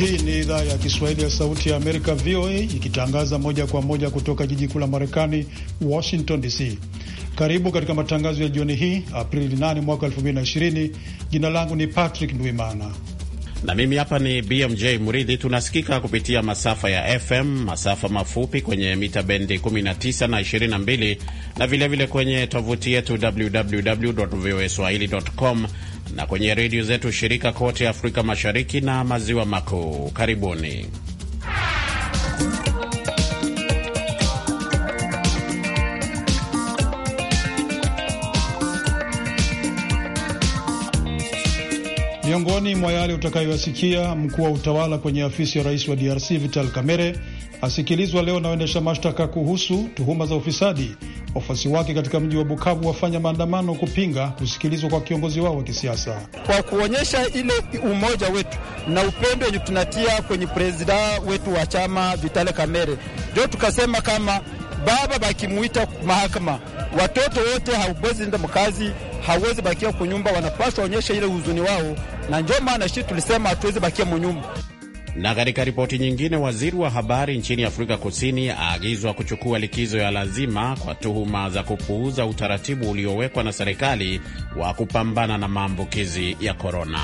Hii ni idhaa ya Kiswahili ya Sauti ya Amerika, VOA, ikitangaza moja kwa moja kutoka jiji kuu la Marekani, Washington DC. Karibu katika matangazo ya jioni hii Aprili 8 mwaka 2020. Jina langu ni Patrick Ndwimana na mimi hapa ni BMJ Muridhi. Tunasikika kupitia masafa ya FM, masafa mafupi kwenye mita bendi 19 na 22, na vilevile vile kwenye tovuti yetu www voa na kwenye redio zetu shirika kote Afrika Mashariki na Maziwa Makuu. Karibuni. Miongoni mwa yale utakayoyasikia, mkuu wa utawala kwenye afisi ya rais wa DRC Vital Kamerhe asikilizwa leo na waendesha mashtaka kuhusu tuhuma za ufisadi wafuasi wake katika mji wa Bukavu wafanya maandamano kupinga kusikilizwa kwa kiongozi wao wa kisiasa, kwa kuonyesha ile umoja wetu na upendo wenye tunatia kwenye prezida wetu wa chama Vitale Kamere. Ndio tukasema kama baba bakimuita mahakama, watoto wote hauwezi enda mkazi, hauwezi bakia kunyumba, wanapaswa onyesha ile huzuni wao, na ndio maana shi tulisema hatuwezi bakia munyumba. Na katika ripoti nyingine, waziri wa habari nchini Afrika Kusini aagizwa kuchukua likizo ya lazima kwa tuhuma za kupuuza utaratibu uliowekwa na serikali wa kupambana na maambukizi ya korona.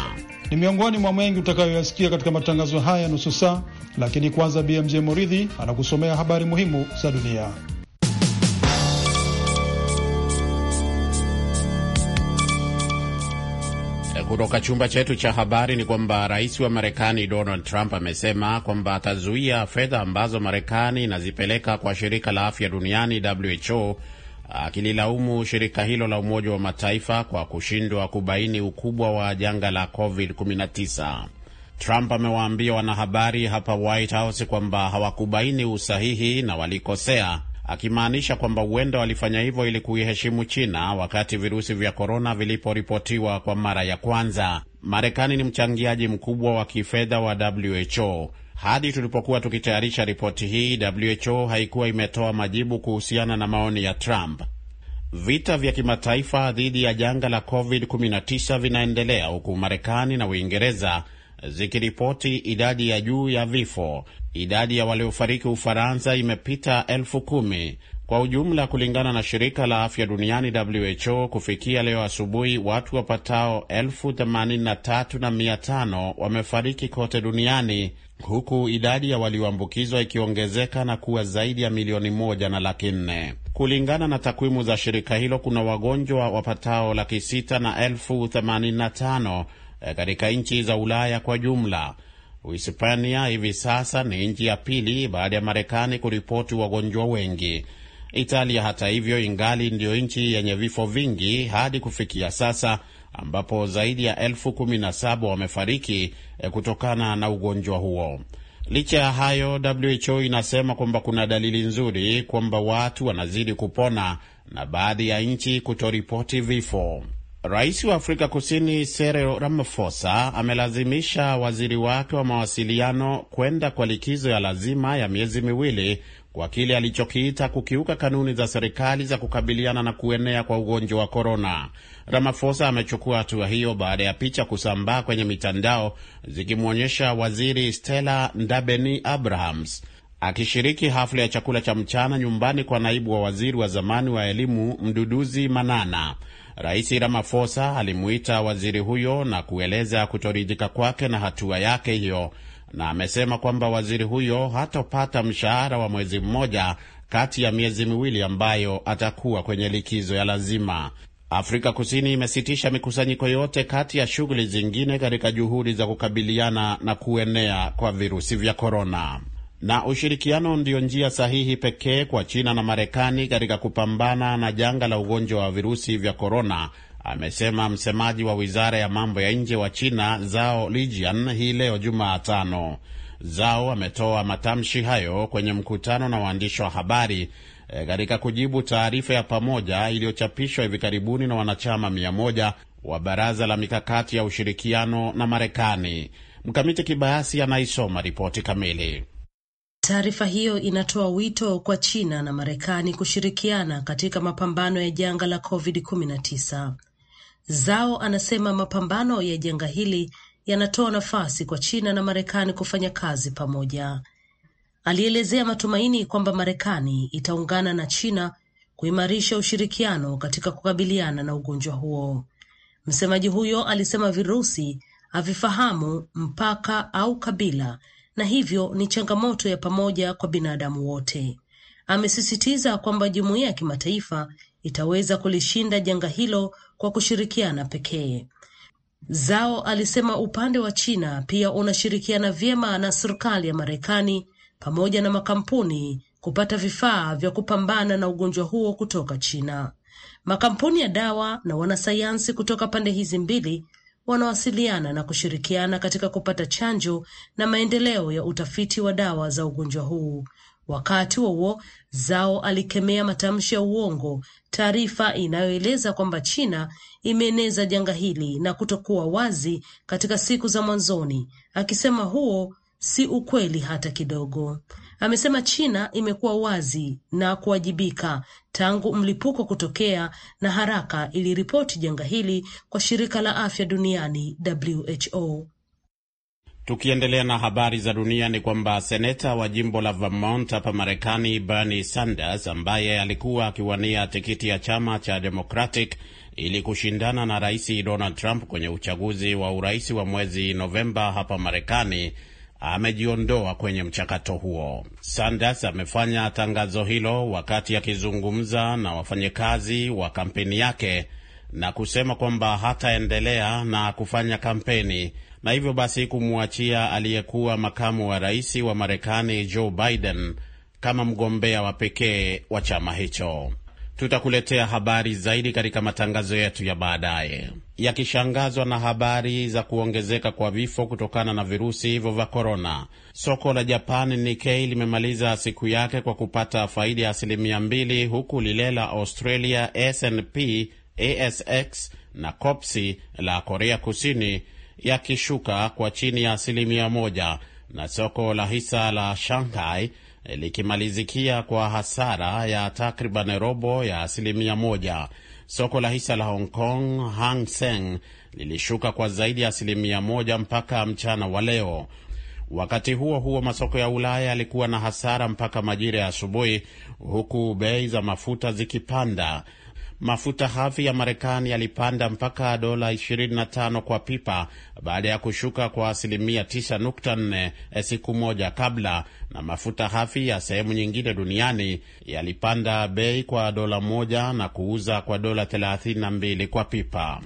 Ni miongoni mwa mengi utakayoyasikia katika matangazo haya nusu saa, lakini kwanza, BMJ Moridhi anakusomea habari muhimu za dunia. Eh, kutoka chumba chetu cha habari ni kwamba rais wa Marekani Donald Trump amesema kwamba atazuia fedha ambazo Marekani inazipeleka kwa shirika la afya duniani WHO, akililaumu shirika hilo la Umoja wa Mataifa kwa kushindwa kubaini ukubwa wa janga la COVID-19. Trump amewaambia wanahabari hapa White House kwamba hawakubaini usahihi na walikosea akimaanisha kwamba huenda walifanya hivyo ili kuiheshimu China wakati virusi vya korona viliporipotiwa kwa mara ya kwanza. Marekani ni mchangiaji mkubwa wa kifedha wa WHO. Hadi tulipokuwa tukitayarisha ripoti hii, WHO haikuwa imetoa majibu kuhusiana na maoni ya Trump. Vita vya kimataifa dhidi ya janga la COVID-19 vinaendelea huku Marekani na Uingereza zikiripoti idadi ya juu ya vifo idadi ya waliofariki Ufaransa imepita elfu kumi kwa ujumla, kulingana na shirika la afya duniani WHO. Kufikia leo asubuhi, watu wapatao elfu themanini na tatu na mia tano wamefariki kote duniani huku idadi ya walioambukizwa ikiongezeka na kuwa zaidi ya milioni moja na laki nne kulingana na takwimu za shirika hilo. Kuna wagonjwa wapatao laki sita na elfu themanini na tano eh, katika nchi za Ulaya kwa jumla Uhispania hivi sasa ni nchi ya pili baada ya Marekani kuripoti wagonjwa wengi. Italia hata hivyo ingali ndiyo nchi yenye vifo vingi hadi kufikia sasa, ambapo zaidi ya elfu kumi na saba wamefariki eh, kutokana na ugonjwa huo. Licha ya hayo, WHO inasema kwamba kuna dalili nzuri kwamba watu wanazidi kupona na baadhi ya nchi kutoripoti vifo. Rais wa Afrika Kusini Cyril Ramaphosa amelazimisha waziri wake wa mawasiliano kwenda kwa likizo ya lazima ya miezi miwili kwa kile alichokiita kukiuka kanuni za serikali za kukabiliana na kuenea kwa ugonjwa wa korona. Ramaphosa amechukua hatua hiyo baada ya picha kusambaa kwenye mitandao zikimwonyesha waziri Stella Ndabeni Abrahams akishiriki hafla ya chakula cha mchana nyumbani kwa naibu wa waziri wa zamani wa elimu Mduduzi Manana. Rais Ramaphosa alimuita waziri huyo na kueleza kutoridhika kwake na hatua yake hiyo, na amesema kwamba waziri huyo hatopata mshahara wa mwezi mmoja kati ya miezi miwili ambayo atakuwa kwenye likizo ya lazima. Afrika Kusini imesitisha mikusanyiko yote kati ya shughuli zingine katika juhudi za kukabiliana na kuenea kwa virusi vya korona na ushirikiano ndiyo njia sahihi pekee kwa China na Marekani katika kupambana na janga la ugonjwa wa virusi vya korona, amesema msemaji wa wizara ya mambo ya nje wa China Zao Lijian hii leo Jumatano. Zao ametoa matamshi hayo kwenye mkutano na waandishi wa habari e, katika e, kujibu taarifa ya pamoja iliyochapishwa hivi karibuni na wanachama mia moja wa baraza la mikakati ya ushirikiano na Marekani. Mkamiti Kibayasi anaisoma ripoti kamili. Taarifa hiyo inatoa wito kwa China na Marekani kushirikiana katika mapambano ya janga la COVID-19. zao anasema mapambano ya janga hili yanatoa nafasi kwa China na Marekani kufanya kazi pamoja. Alielezea matumaini kwamba Marekani itaungana na China kuimarisha ushirikiano katika kukabiliana na ugonjwa huo. Msemaji huyo alisema virusi havifahamu mpaka au kabila na hivyo ni changamoto ya pamoja kwa binadamu wote. Amesisitiza kwamba jumuiya ya kimataifa itaweza kulishinda janga hilo kwa kushirikiana pekee. Zao alisema upande wa China pia unashirikiana vyema na serikali ya Marekani pamoja na makampuni kupata vifaa vya kupambana na ugonjwa huo kutoka China. Makampuni ya dawa na wanasayansi kutoka pande hizi mbili wanawasiliana na kushirikiana katika kupata chanjo na maendeleo ya utafiti wa dawa za ugonjwa huu. Wakati huo zao alikemea matamshi ya uongo, taarifa inayoeleza kwamba China imeeneza janga hili na kutokuwa wazi katika siku za mwanzoni, akisema huo si ukweli hata kidogo. Amesema China imekuwa wazi na kuwajibika tangu mlipuko kutokea na haraka iliripoti janga hili kwa shirika la afya duniani WHO. Tukiendelea na habari za dunia ni kwamba seneta wa jimbo la Vermont hapa Marekani, Bernie Sanders ambaye alikuwa akiwania tikiti ya chama cha Democratic ili kushindana na rais Donald Trump kwenye uchaguzi wa urais wa mwezi Novemba hapa Marekani amejiondoa kwenye mchakato huo. Sanders amefanya tangazo hilo wakati akizungumza na wafanyakazi wa kampeni yake na kusema kwamba hataendelea na kufanya kampeni na hivyo basi kumwachia aliyekuwa makamu wa rais wa Marekani Joe Biden kama mgombea wa pekee wa chama hicho. Tutakuletea habari zaidi katika matangazo yetu ya baadaye. Yakishangazwa na habari za kuongezeka kwa vifo kutokana na virusi hivyo vya korona, soko la Japan Nikkei limemaliza siku yake kwa kupata faida ya asilimia mbili, huku lile la Australia SNP ASX na Kopsi la Korea Kusini yakishuka kwa chini ya asilimia moja na soko la hisa la Shanghai likimalizikia kwa hasara ya takriban robo ya asilimia moja. Soko la hisa la Hong Kong Hang Seng lilishuka kwa zaidi ya asilimia moja mpaka mchana wa leo. Wakati huo huo, masoko ya Ulaya yalikuwa na hasara mpaka majira ya asubuhi, huku bei za mafuta zikipanda Mafuta hafi ya Marekani yalipanda mpaka dola 25 kwa pipa baada ya kushuka kwa asilimia 9.4 eh, siku moja kabla, na mafuta hafi ya sehemu nyingine duniani yalipanda bei kwa dola moja na kuuza kwa dola 32 kwa pipa.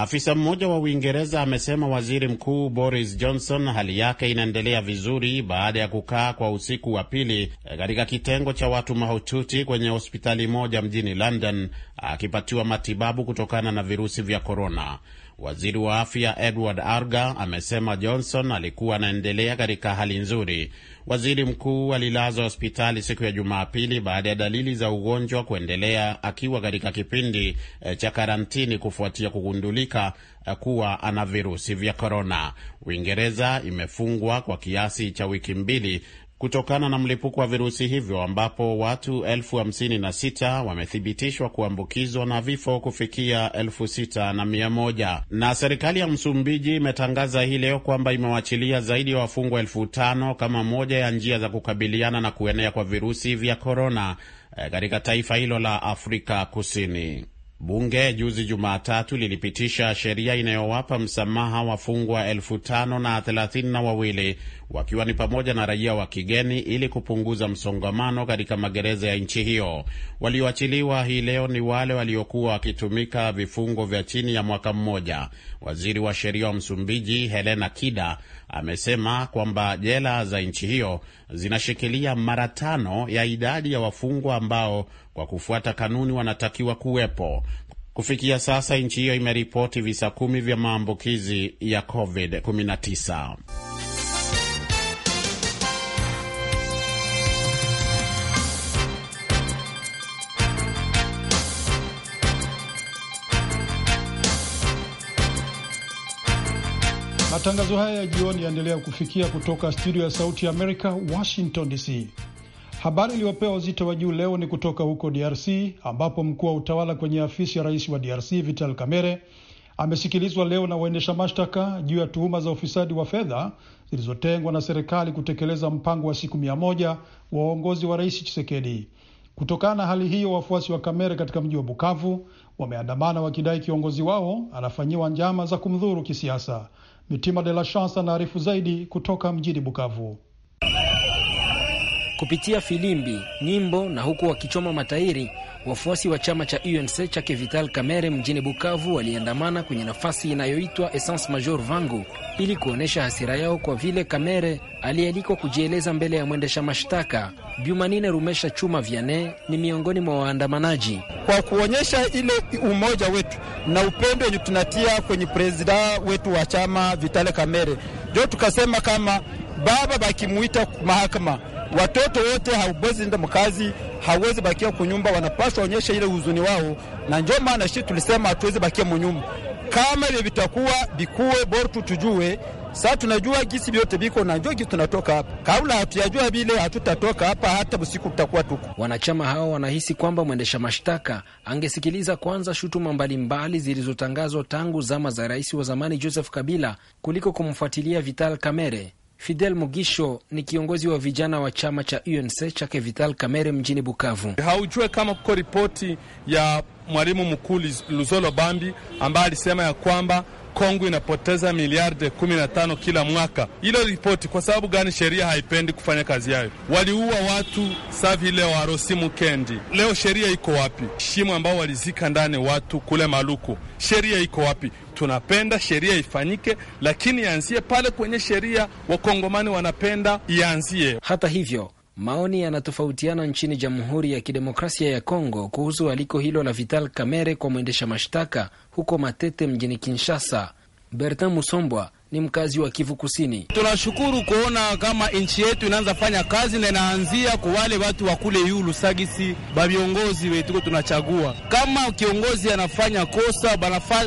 Afisa mmoja wa Uingereza amesema waziri mkuu Boris Johnson hali yake inaendelea vizuri baada ya kukaa kwa usiku wa pili katika kitengo cha watu mahututi kwenye hospitali moja mjini London akipatiwa matibabu kutokana na virusi vya korona. Waziri wa afya Edward Arga amesema Johnson alikuwa anaendelea katika hali nzuri. Waziri mkuu alilazwa hospitali siku ya Jumapili baada ya dalili za ugonjwa kuendelea akiwa katika kipindi eh, cha karantini kufuatia kugundulika eh, kuwa ana virusi vya korona. Uingereza imefungwa kwa kiasi cha wiki mbili kutokana na mlipuko wa virusi hivyo ambapo watu elfu hamsini na sita wamethibitishwa kuambukizwa na vifo kufikia elfu sita na mia moja. Na serikali ya Msumbiji imetangaza hii leo kwamba imewachilia zaidi ya wafungwa elfu tano kama moja ya njia za kukabiliana na kuenea kwa virusi vya korona eh, katika taifa hilo la Afrika Kusini. Bunge juzi Jumatatu lilipitisha sheria inayowapa msamaha wafungwa elfu tano na thelathini na wawili wakiwa ni pamoja na raia wa kigeni ili kupunguza msongamano katika magereza ya nchi hiyo. Walioachiliwa hii leo ni wale waliokuwa wakitumika vifungo vya chini ya mwaka mmoja. Waziri wa sheria wa Msumbiji Helena Kida amesema kwamba jela za nchi hiyo zinashikilia mara tano ya idadi ya wafungwa ambao kwa kufuata kanuni wanatakiwa kuwepo. Kufikia sasa nchi hiyo imeripoti visa kumi vya maambukizi ya COVID-19. Matangazo haya ya jioni yaendelea kufikia kutoka studio ya Sauti ya Amerika, Washington DC. Habari iliyopewa uzito wa juu leo ni kutoka huko DRC ambapo mkuu wa utawala kwenye afisi ya rais wa DRC Vital Kamerhe amesikilizwa leo na waendesha mashtaka juu ya tuhuma za ufisadi wa fedha zilizotengwa na serikali kutekeleza mpango wa siku mia moja wa uongozi wa rais Chisekedi. Kutokana na hali hiyo, wafuasi wa Kamere katika mji wa Bukavu wameandamana wakidai kiongozi wao anafanyiwa njama za kumdhuru kisiasa. Mitima de la Chance anaarifu zaidi kutoka mjini Bukavu kupitia filimbi, nyimbo na huku wakichoma matairi. Wafuasi wa chama cha UNC chake Vital Kamerhe mjini Bukavu waliandamana kwenye nafasi inayoitwa Essence Major Vangu ili kuonyesha hasira yao kwa vile Kamerhe alialikwa kujieleza mbele ya mwendesha mashtaka. jumanine Rumesha Chuma Vyane ni miongoni mwa waandamanaji. Kwa kuonyesha ile umoja wetu na upendo wenye tunatia kwenye prezida wetu wa chama Vital kamere ndio tukasema kama baba bakimuita mahakama Watoto wote hauwezi enda mkazi, hauwezi bakia kunyumba, wanapaswa onyesha ile huzuni wao, na ndio maana shi tulisema hatuwezi bakia munyumba. Kama hivyo vitakuwa bikuwe bora tujue sasa tunajua gisi vyote biko na gisi tunatoka hapa. Kabla hatuyajua vile hatutatoka hapa, hata usiku tutakuwa tuko. Wanachama hao wanahisi kwamba mwendesha mashtaka angesikiliza kwanza shutuma mbalimbali zilizotangazwa tangu zama za rais wa zamani Joseph Kabila kuliko kumfuatilia Vital Kamere Fidel Mugisho ni kiongozi wa vijana wa chama cha UNC chake Vital camere mjini Bukavu. Haujue kama kuko ripoti ya mwalimu mkuu Luzolo Bambi ambaye alisema ya kwamba Kongo inapoteza na 15 kila mwaka. ilo ripoti kwa sababu gani? Sheria haipendi kufanya kazi yayo. Waliua watu saa vile warosi Mukendi. Leo sheria iko wapi? Shimo ambao walizika ndani watu kule Maluku, sheria iko wapi? tunapenda sheria ifanyike, lakini ianzie pale kwenye sheria wakongomani wanapenda ianzie. Hata hivyo maoni yanatofautiana nchini Jamhuri ya Kidemokrasia ya Kongo kuhusu aliko hilo la Vital Kamerhe kwa mwendesha mashtaka huko Matete mjini Kinshasa. Bertin Musombwa ni mkazi wa Kivu Kusini. Tunashukuru kuona kama nchi yetu inaanza fanya kazi na inaanzia kwa wale watu wa kule yu Lusagisi, ba viongozi wetuko tunachagua. Kama kiongozi anafanya kosa,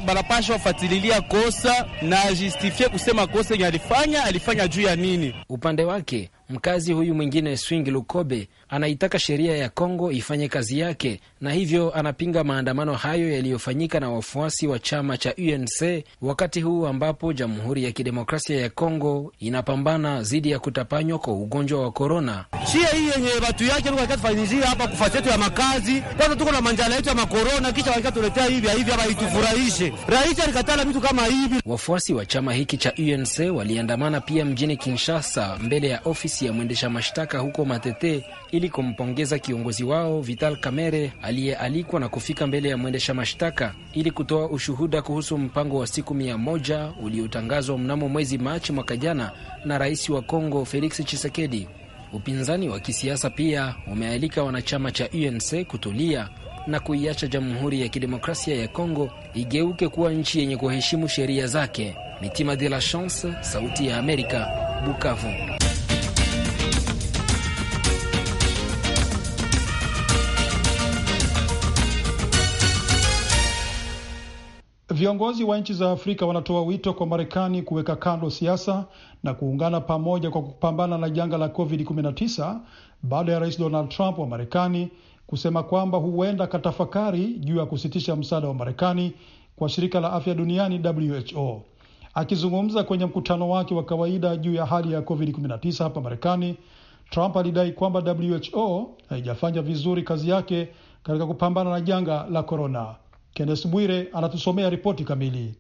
banapashwa fatililia kosa na ajistifie kusema kosa yenye alifanya, alifanya juu ya nini. Upande wake Mkazi huyu mwingine Swing Lukobe anaitaka sheria ya Kongo ifanye kazi yake, na hivyo anapinga maandamano hayo yaliyofanyika na wafuasi wa chama cha UNC wakati huu ambapo Jamhuri ya Kidemokrasia ya Kongo inapambana dhidi ya kutapanywa kwa ugonjwa wa korona. Shia hii yenye watu yake tufanyizia hapa kufasi yetu ya makazi, kwanza tuko na manjala yetu ya makorona, kisha wakatuletea hivi hivi hapa itufurahishe. Rais alikatala vitu kama hivi. Wafuasi wa chama hiki cha UNC waliandamana pia mjini Kinshasa mbele ya ofisi ofisi ya mwendesha mashtaka huko Matete ili kumpongeza kiongozi wao Vital Kamerhe aliyealikwa na kufika mbele ya mwendesha mashtaka ili kutoa ushuhuda kuhusu mpango wa siku mia moja uliotangazwa mnamo mwezi Machi mwaka jana na rais wa Kongo Felix Tshisekedi. Upinzani wa kisiasa pia umealika wanachama cha UNC kutulia na kuiacha Jamhuri ya Kidemokrasia ya Kongo igeuke kuwa nchi yenye kuheshimu sheria zake. Mitima de la Chance, Sauti ya Amerika, Bukavu. Viongozi wa nchi za Afrika wanatoa wito kwa Marekani kuweka kando siasa na kuungana pamoja kwa kupambana na janga la COVID-19 baada ya Rais Donald Trump wa Marekani kusema kwamba huenda katafakari juu ya kusitisha msaada wa Marekani kwa shirika la afya duniani WHO. Akizungumza kwenye mkutano wake wa kawaida juu ya hali ya COVID-19 hapa Marekani, Trump alidai kwamba WHO haijafanya vizuri kazi yake katika kupambana na janga la korona. Kennes Bwire anatusomea ripoti kamili.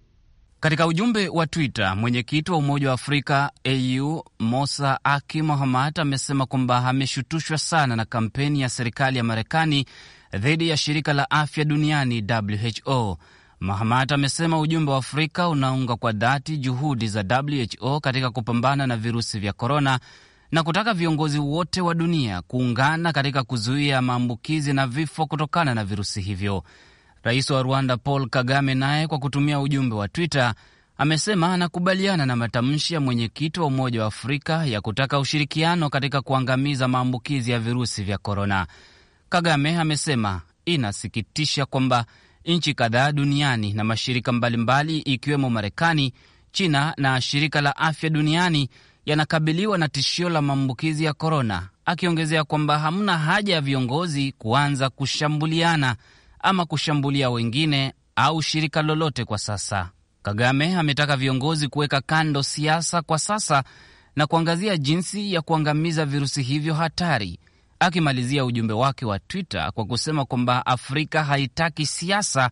Katika ujumbe wa Twitter, mwenyekiti wa Umoja wa Afrika AU Mosa Aki Mohamad amesema kwamba ameshutushwa sana na kampeni ya serikali ya Marekani dhidi ya shirika la afya duniani WHO. Mahamat amesema ujumbe wa Afrika unaunga kwa dhati juhudi za WHO katika kupambana na virusi vya korona na kutaka viongozi wote wa dunia kuungana katika kuzuia maambukizi na vifo kutokana na virusi hivyo. Rais wa Rwanda Paul Kagame naye kwa kutumia ujumbe wa Twitter amesema anakubaliana na matamshi ya mwenyekiti wa Umoja wa Afrika ya kutaka ushirikiano katika kuangamiza maambukizi ya virusi vya korona. Kagame amesema inasikitisha kwamba nchi kadhaa duniani na mashirika mbalimbali ikiwemo Marekani, China na shirika la afya duniani yanakabiliwa na tishio la maambukizi ya korona, akiongezea kwamba hamna haja ya viongozi kuanza kushambuliana ama kushambulia wengine au shirika lolote kwa sasa. Kagame ametaka viongozi kuweka kando siasa kwa sasa na kuangazia jinsi ya kuangamiza virusi hivyo hatari, akimalizia ujumbe wake wa Twitter kwa kusema kwamba Afrika haitaki siasa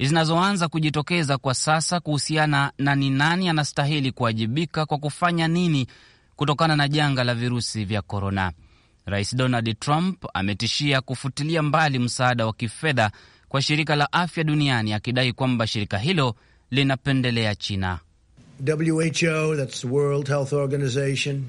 zinazoanza kujitokeza kwa sasa kuhusiana na ni nani anastahili kuwajibika kwa kufanya nini kutokana na janga la virusi vya korona. Rais Donald Trump ametishia kufutilia mbali msaada wa kifedha kwa shirika la afya duniani akidai kwamba shirika hilo linapendelea China. WHO, that's World Health Organization.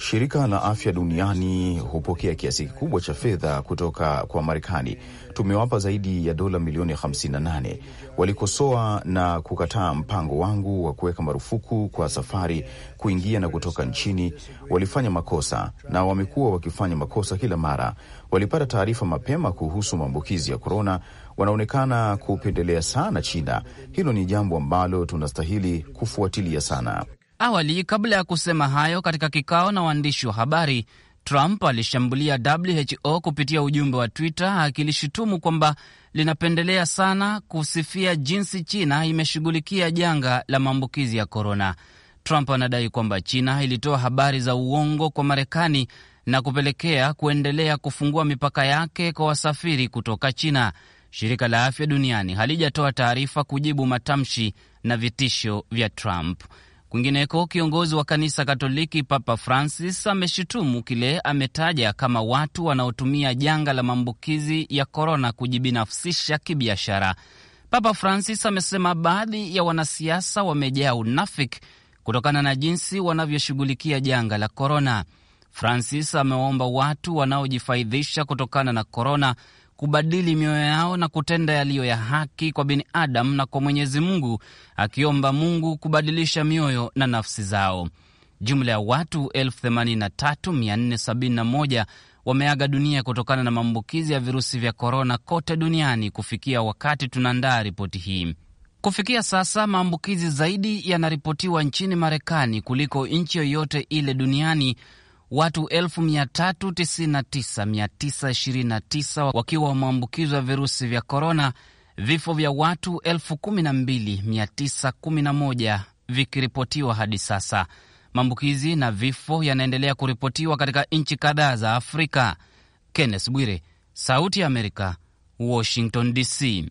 Shirika la Afya Duniani hupokea kiasi kikubwa cha fedha kutoka kwa Marekani. Tumewapa zaidi ya dola milioni 58. Walikosoa na kukataa mpango wangu wa kuweka marufuku kwa safari kuingia na kutoka nchini. Walifanya makosa na wamekuwa wakifanya makosa kila mara. Walipata taarifa mapema kuhusu maambukizi ya korona. Wanaonekana kupendelea sana China. Hilo ni jambo ambalo tunastahili kufuatilia sana. Awali, kabla ya kusema hayo katika kikao na waandishi wa habari, Trump alishambulia WHO kupitia ujumbe wa Twitter akilishutumu kwamba linapendelea sana kusifia jinsi China imeshughulikia janga la maambukizi ya korona. Trump anadai kwamba China ilitoa habari za uongo kwa Marekani na kupelekea kuendelea kufungua mipaka yake kwa wasafiri kutoka China. Shirika la Afya Duniani halijatoa taarifa kujibu matamshi na vitisho vya Trump. Kwingineko, kiongozi wa kanisa Katoliki Papa Francis ameshutumu kile ametaja kama watu wanaotumia janga la maambukizi ya korona kujibinafsisha kibiashara. Papa Francis amesema baadhi ya wanasiasa wamejaa unafiki kutokana na jinsi wanavyoshughulikia janga la korona. Francis amewaomba watu wanaojifaidhisha kutokana na korona kubadili mioyo yao na kutenda yaliyo ya haki kwa binadamu na kwa Mwenyezi Mungu, akiomba Mungu kubadilisha mioyo na nafsi zao. Jumla ya watu 83471 wameaga dunia kutokana na maambukizi ya virusi vya korona kote duniani kufikia wakati tunaandaa ripoti hii. Kufikia sasa maambukizi zaidi yanaripotiwa nchini Marekani kuliko nchi yoyote ile duniani, watu 399929 wakiwa wameambukizwa virusi vya korona, vifo vya watu 12911 vikiripotiwa hadi sasa. Maambukizi na vifo yanaendelea kuripotiwa katika nchi kadhaa za Afrika. Kenneth Bwire, Sauti ya Amerika, Washington DC.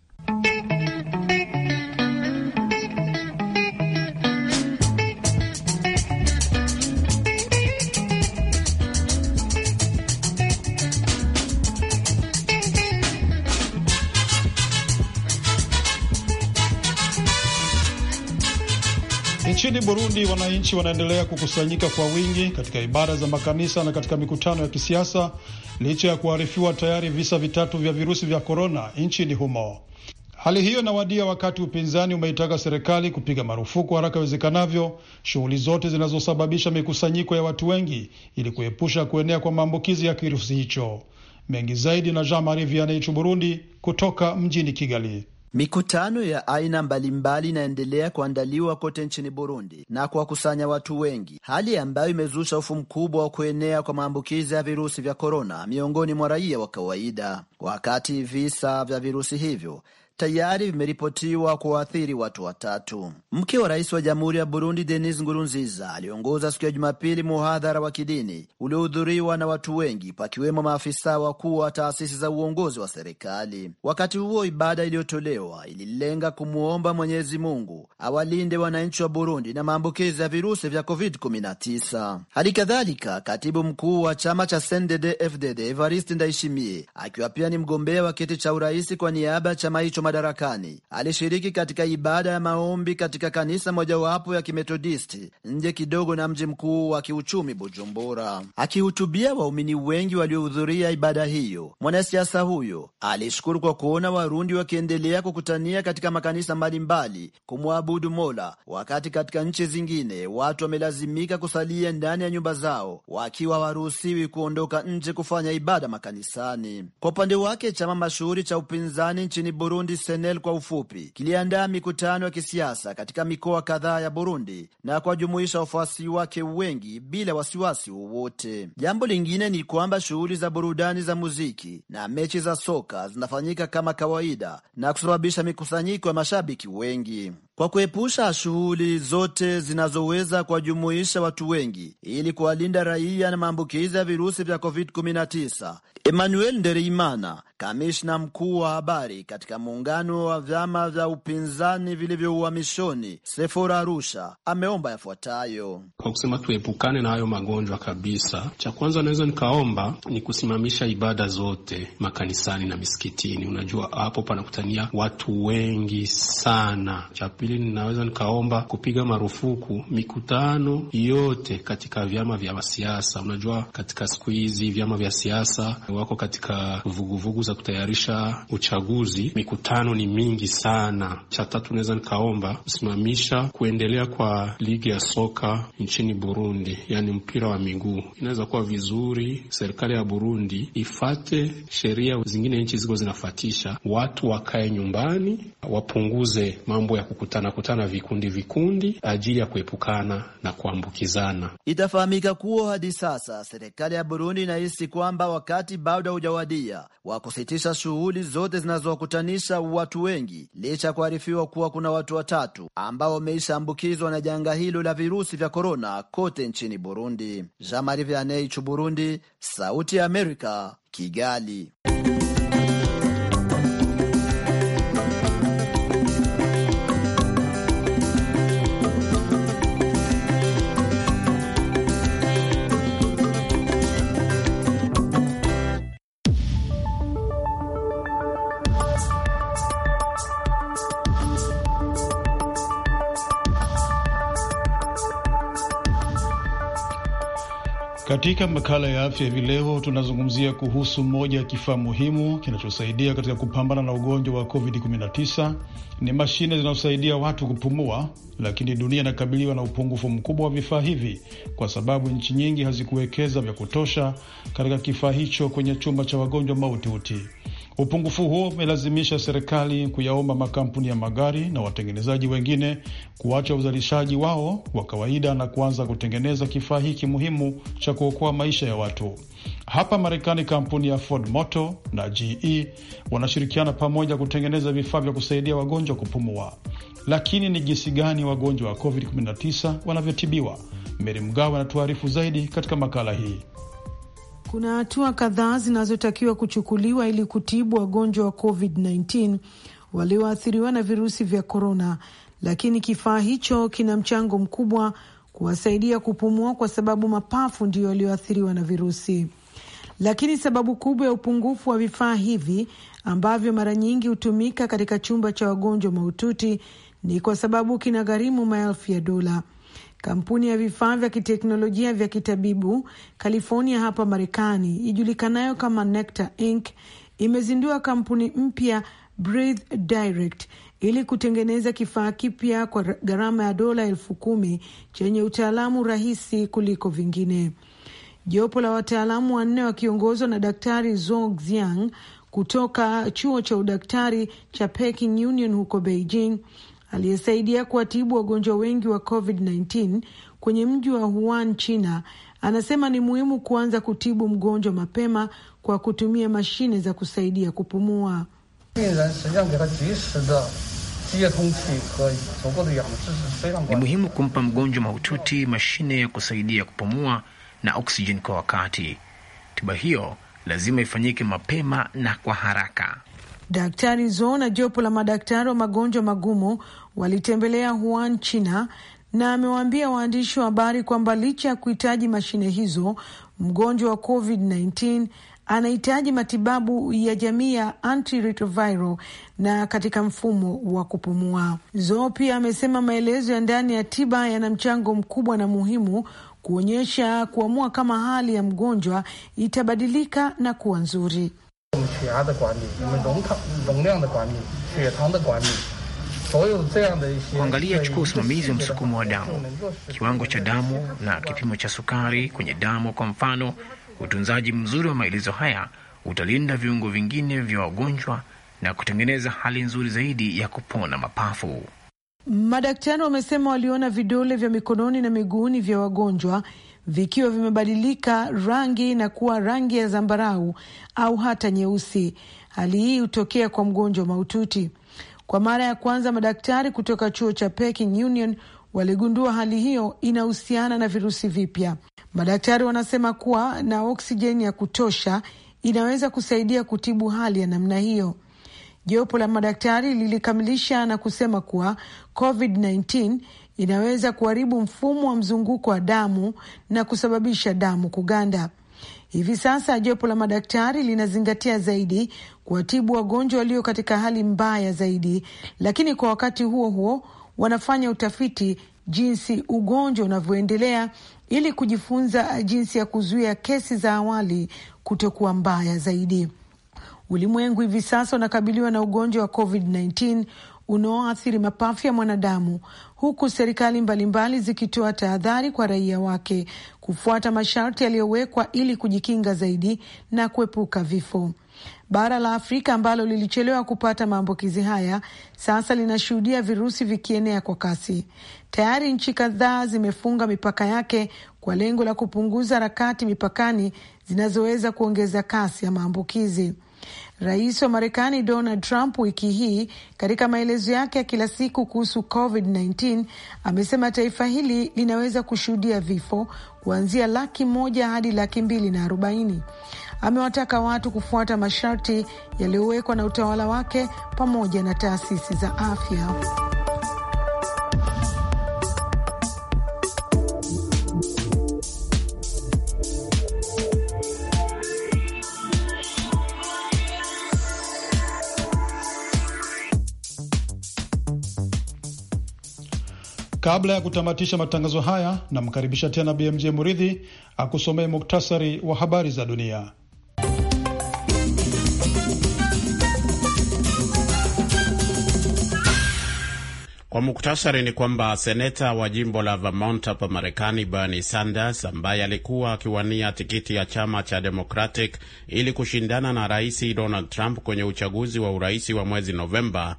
Nchini Burundi, wananchi wanaendelea kukusanyika kwa wingi katika ibada za makanisa na katika mikutano ya kisiasa licha ya kuarifiwa tayari visa vitatu vya virusi vya korona nchini humo. Hali hiyo inawadia wakati upinzani umeitaka serikali kupiga marufuku haraka iwezekanavyo shughuli zote zinazosababisha mikusanyiko ya watu wengi ili kuepusha kuenea kwa maambukizi ya kirusi hicho. Mengi zaidi na Jean Marie Vianney Burundi, kutoka mjini Kigali. Mikutano ya aina mbalimbali inaendelea kuandaliwa kote nchini Burundi na kuwakusanya watu wengi, hali ambayo imezusha hofu mkubwa wa kuenea kwa maambukizi ya virusi vya korona miongoni mwa raia wa kawaida. Wakati visa vya virusi hivyo tayari vimeripotiwa kuwaathiri watu watatu. Mke wa rais wa jamhuri ya Burundi Denis Ngurunziza aliongoza siku ya Jumapili muhadhara wa kidini uliohudhuriwa na watu wengi, pakiwemo maafisa wakuu wa taasisi za uongozi wa serikali. Wakati huo, ibada iliyotolewa ililenga kumwomba Mwenyezi Mungu awalinde wananchi wa Burundi na maambukizi ya virusi vya COVID-19. Hali kadhalika, katibu mkuu wa chama cha CNDD-FDD Evariste Ndayishimiye akiwa pia ni mgombea wa kiti cha urais kwa niaba ya chama hicho madarakani. Alishiriki katika ibada ya maombi katika kanisa mojawapo ya Kimethodisti nje kidogo na mji mkuu wa kiuchumi Bujumbura. Akihutubia waumini wengi waliohudhuria ibada hiyo, mwanasiasa huyo alishukuru kwa kuona Warundi wakiendelea kukutania katika makanisa mbalimbali kumwabudu Mola, wakati katika nchi zingine watu wamelazimika kusalia ndani ya nyumba zao wakiwa hawaruhusiwi kuondoka nje kufanya ibada makanisani. Kwa upande wake, chama mashuhuri cha upinzani nchini Burundi Senel kwa ufupi, kiliandaa mikutano ya kisiasa katika mikoa kadhaa ya Burundi na kuwajumuisha wafuasi wake wengi bila wasiwasi wowote. Jambo lingine ni kwamba shughuli za burudani za muziki na mechi za soka zinafanyika kama kawaida na kusababisha mikusanyiko ya mashabiki wengi kwa kuepusha shughuli zote zinazoweza kuwajumuisha watu wengi ili kuwalinda raia na maambukizi ya virusi vya COVID-19. Emmanuel Ndereimana, kamishna mkuu wa habari katika muungano wa vyama vya upinzani vilivyouhamishoni Sefora Arusha, ameomba yafuatayo kwa kusema tuepukane na hayo magonjwa kabisa. Cha kwanza naweza nikaomba ni kusimamisha ibada zote makanisani na misikitini. Unajua hapo panakutania watu wengi sana. Cha pili hili ninaweza nikaomba kupiga marufuku mikutano yote katika vyama vya siasa. Unajua, katika siku hizi vyama vya siasa wako katika vuguvugu vugu za kutayarisha uchaguzi, mikutano ni mingi sana. Cha tatu naweza nikaomba kusimamisha kuendelea kwa ligi ya soka nchini Burundi, yani mpira wa miguu. Inaweza kuwa vizuri serikali ya Burundi ifate sheria zingine nchi ziko zinafatisha, watu wakae nyumbani, wapunguze mambo ya kukutana kutanakutana vikundi vikundi ajili ya kuepukana na kuambukizana. Itafahamika kuwa hadi sasa serikali ya Burundi inahisi kwamba wakati bado haujawadia wa kusitisha shughuli zote zinazowakutanisha watu wengi, licha ya kuharifiwa kuwa kuna watu watatu ambao wameishaambukizwa na janga hilo la virusi vya korona kote nchini Burundi. Jean Vianney, Burundi, Sauti ya Amerika, Kigali. Katika makala ya afya hivi leo tunazungumzia kuhusu moja ya kifaa muhimu kinachosaidia katika kupambana na ugonjwa wa COVID-19. Ni mashine zinazosaidia watu kupumua, lakini dunia inakabiliwa na upungufu mkubwa wa vifaa hivi kwa sababu nchi nyingi hazikuwekeza vya kutosha katika kifaa hicho kwenye chumba cha wagonjwa mahututi. Upungufu huo umelazimisha serikali kuyaomba makampuni ya magari na watengenezaji wengine kuacha uzalishaji wao wa kawaida na kuanza kutengeneza kifaa hiki muhimu cha kuokoa maisha ya watu. Hapa Marekani, kampuni ya Ford Motor na GE wanashirikiana pamoja kutengeneza vifaa vya kusaidia wagonjwa kupumua. Lakini ni jinsi gani wagonjwa wa COVID-19 wanavyotibiwa? Meri Mgawe anatuarifu zaidi katika makala hii kuna hatua kadhaa zinazotakiwa kuchukuliwa ili kutibu wagonjwa wa COVID-19 walioathiriwa na virusi vya korona, lakini kifaa hicho kina mchango mkubwa kuwasaidia kupumua, kwa sababu mapafu ndiyo yaliyoathiriwa na virusi. Lakini sababu kubwa ya upungufu wa vifaa hivi ambavyo mara nyingi hutumika katika chumba cha wagonjwa mahututi ni kwa sababu kina gharimu maelfu ya dola. Kampuni ya vifaa vya kiteknolojia vya kitabibu California hapa Marekani ijulikanayo kama Necta Inc imezindua kampuni mpya Breathe Direct ili kutengeneza kifaa kipya kwa gharama ya dola elfu kumi chenye utaalamu rahisi kuliko vingine. Jopo la wataalamu wanne wakiongozwa na Daktari Zhou Xiang kutoka chuo cha udaktari cha Peking Union huko Beijing aliyesaidia kuwatibu wagonjwa wengi wa COVID-19 kwenye mji wa Wuhan, China, anasema ni muhimu kuanza kutibu mgonjwa mapema kwa kutumia mashine za kusaidia kupumua. Ni muhimu kumpa mgonjwa mahututi mashine ya kusaidia kupumua na oksijeni kwa wakati. Tiba hiyo lazima ifanyike mapema na kwa haraka. Daktari Zo na jopo la madaktari wa magonjwa magumu walitembelea Wuhan, China, na amewaambia waandishi wa habari kwamba licha ya kuhitaji mashine hizo, mgonjwa wa COVID-19 anahitaji matibabu ya jamii ya antiretroviral na katika mfumo wa kupumua. Zo pia amesema maelezo ya ndani ya tiba yana mchango mkubwa na muhimu kuonyesha kuamua kama hali ya mgonjwa itabadilika na kuwa nzuri. 我们血压的管理，我们容糖容量的管理，血糖的管理。Kuangalia chukua usimamizi wa msukumo wa damu, kiwango cha damu na kipimo cha sukari kwenye damu. Kwa mfano, utunzaji mzuri wa maelezo haya utalinda viungo vingine vya wagonjwa na kutengeneza hali nzuri zaidi ya kupona mapafu. Madaktari wamesema waliona vidole vya mikononi na miguuni vya wagonjwa vikiwa vimebadilika rangi na kuwa rangi ya zambarau au hata nyeusi. Hali hii hutokea kwa mgonjwa mahututi. Kwa mara ya kwanza, madaktari kutoka chuo cha Peking Union waligundua hali hiyo inahusiana na virusi vipya. Madaktari wanasema kuwa na oksijeni ya kutosha inaweza kusaidia kutibu hali ya namna hiyo. Jopo la madaktari lilikamilisha na kusema kuwa COVID-19 inaweza kuharibu mfumo wa mzunguko wa damu na kusababisha damu kuganda. Hivi sasa jopo la madaktari linazingatia zaidi kuwatibu wagonjwa walio katika hali mbaya zaidi, lakini kwa wakati huo huo wanafanya utafiti jinsi ugonjwa unavyoendelea ili kujifunza jinsi ya kuzuia kesi za awali kutokuwa mbaya zaidi. Ulimwengu hivi sasa unakabiliwa na ugonjwa wa COVID-19 unaoathiri mapafu ya mwanadamu, huku serikali mbalimbali zikitoa tahadhari kwa raia wake kufuata masharti yaliyowekwa ili kujikinga zaidi na kuepuka vifo. Bara la Afrika ambalo lilichelewa kupata maambukizi haya sasa linashuhudia virusi vikienea kwa kasi. Tayari nchi kadhaa zimefunga mipaka yake kwa lengo la kupunguza harakati mipakani zinazoweza kuongeza kasi ya maambukizi. Rais wa Marekani Donald Trump wiki hii katika maelezo yake ya kila siku kuhusu COVID-19 amesema taifa hili linaweza kushuhudia vifo kuanzia laki moja hadi laki mbili na arobaini. Amewataka watu kufuata masharti yaliyowekwa na utawala wake pamoja na taasisi za afya. Kabla ya kutamatisha matangazo haya, namkaribisha tena BMJ Muridhi akusomee muktasari wa habari za dunia. Kwa muktasari ni kwamba seneta wa jimbo la Vermont hapa Marekani, Bernie Sanders, ambaye alikuwa akiwania tikiti ya chama cha Democratic ili kushindana na Rais Donald Trump kwenye uchaguzi wa urais wa mwezi Novemba,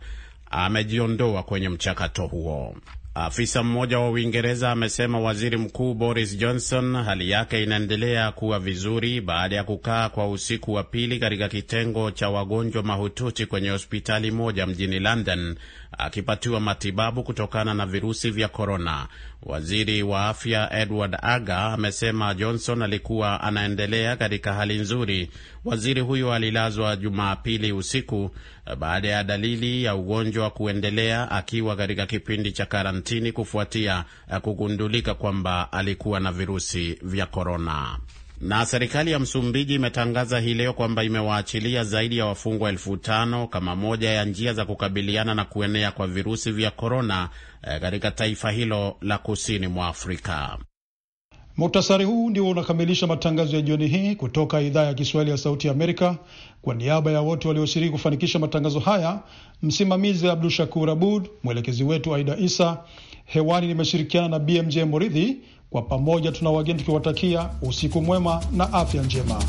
amejiondoa kwenye mchakato huo. Uh, afisa mmoja wa Uingereza amesema waziri mkuu Boris Johnson hali yake inaendelea kuwa vizuri baada ya kukaa kwa usiku wa pili katika kitengo cha wagonjwa mahututi kwenye hospitali moja mjini London akipatiwa matibabu kutokana na virusi vya korona. Waziri wa afya Edward Aga amesema Johnson alikuwa anaendelea katika hali nzuri. Waziri huyo alilazwa Jumapili usiku eh, baada ya dalili ya ugonjwa kuendelea, akiwa katika kipindi cha karantini kufuatia eh, kugundulika kwamba alikuwa na virusi vya korona. Na serikali ya Msumbiji imetangaza hii leo kwamba imewaachilia zaidi ya wafungwa elfu tano kama moja ya njia za kukabiliana na kuenea kwa virusi vya korona eh, katika taifa hilo la kusini mwa Afrika. Muktasari huu ndio unakamilisha matangazo ya jioni hii kutoka idhaa ya Kiswahili ya Sauti ya Amerika. Kwa niaba ya wote walioshiriki kufanikisha matangazo haya, msimamizi Abdu Shakur Abud, mwelekezi wetu Aida Isa. Hewani nimeshirikiana na BMJ Moridhi. Kwa pamoja tuna wageni tukiwatakia usiku mwema na afya njema.